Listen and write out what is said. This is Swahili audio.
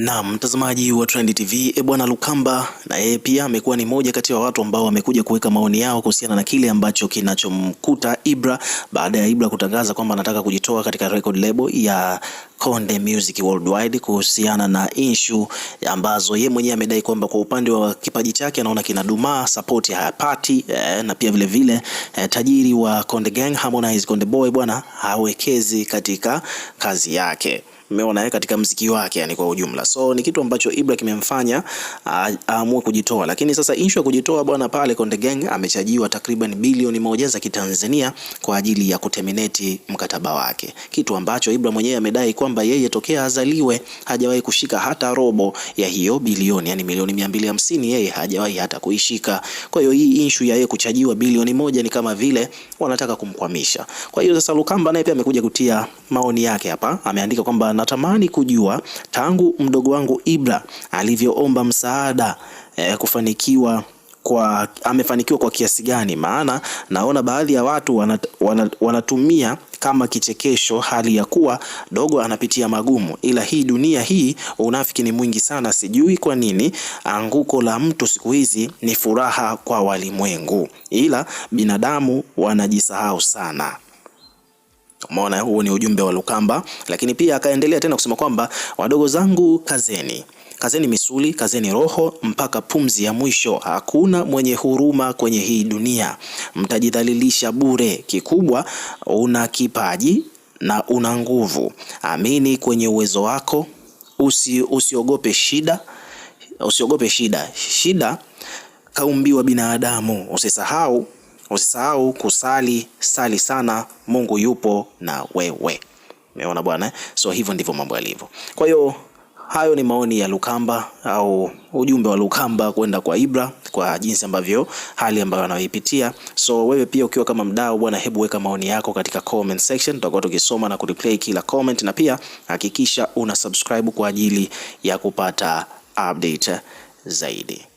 Na mtazamaji wa Trend TV, e bwana Lukamba na yeye pia amekuwa ni moja kati ya wa watu ambao wamekuja kuweka maoni yao kuhusiana na kile ambacho kinachomkuta Ibra baada ya Ibra kutangaza kwamba anataka kujitoa katika record label ya Konde Music Worldwide kuhusiana na issue ambazo ye mwenyewe amedai kwamba kwa upande wa kipaji chake anaona kinadumaa, support hayapati eh, na pia vile vile eh, tajiri wa Konde Gang Harmonize Konde Boy bwana hawekezi katika kazi yake umeona yeye katika mziki wake yani kwa ujumla. So ni kitu ambacho Ibra kimemfanya aamue kujitoa, lakini sasa issue ya kujitoa bwana pale Konde Gang amechajiwa takriban bilioni moja za kitanzania kwa ajili ya kuterminate mkataba wake, kitu ambacho Ibra mwenyewe amedai kwamba yeye tokea azaliwe hajawahi kushika hata robo ya hiyo bilioni, yani milioni mia mbili hamsini yeye hajawahi hata kuishika. Kwa hiyo hii issue ya yeye kuchajiwa bilioni moja ni kama vile wanataka kumkwamisha. Kwa hiyo sasa Lukamba naye pia amekuja kutia maoni yake hapa, ameandika kwamba natamani kujua tangu mdogo wangu Ibra alivyoomba msaada eh, kufanikiwa kwa amefanikiwa kwa kiasi gani? Maana naona baadhi ya watu wanat, wanat, wanatumia kama kichekesho hali ya kuwa dogo anapitia magumu, ila hii dunia hii unafiki ni mwingi sana. Sijui kwa nini anguko la mtu siku hizi ni furaha kwa walimwengu, ila binadamu wanajisahau sana. Umeona, huu ni ujumbe wa Lukamba, lakini pia akaendelea tena kusema kwamba wadogo zangu, kazeni kazeni misuli, kazeni roho mpaka pumzi ya mwisho. Hakuna mwenye huruma kwenye hii dunia, mtajidhalilisha bure. Kikubwa una kipaji na una nguvu, amini kwenye uwezo wako, usi, usiogope shida, usiogope shida. Shida kaumbiwa binadamu, usisahau Usisahau kusali, sali sana, Mungu yupo na wewe. Umeona bwana? Eh? So hivyo ndivyo mambo yalivyo. Kwa hiyo hayo ni maoni ya Lukamba au ujumbe wa Lukamba kwenda kwa Ibra kwa jinsi ambavyo hali ambayo anaoipitia. So wewe pia ukiwa kama mdau bwana, hebu weka maoni yako katika comment section, tutakuwa tukisoma na kureplay kila comment, na pia hakikisha una subscribe kwa ajili ya kupata update zaidi.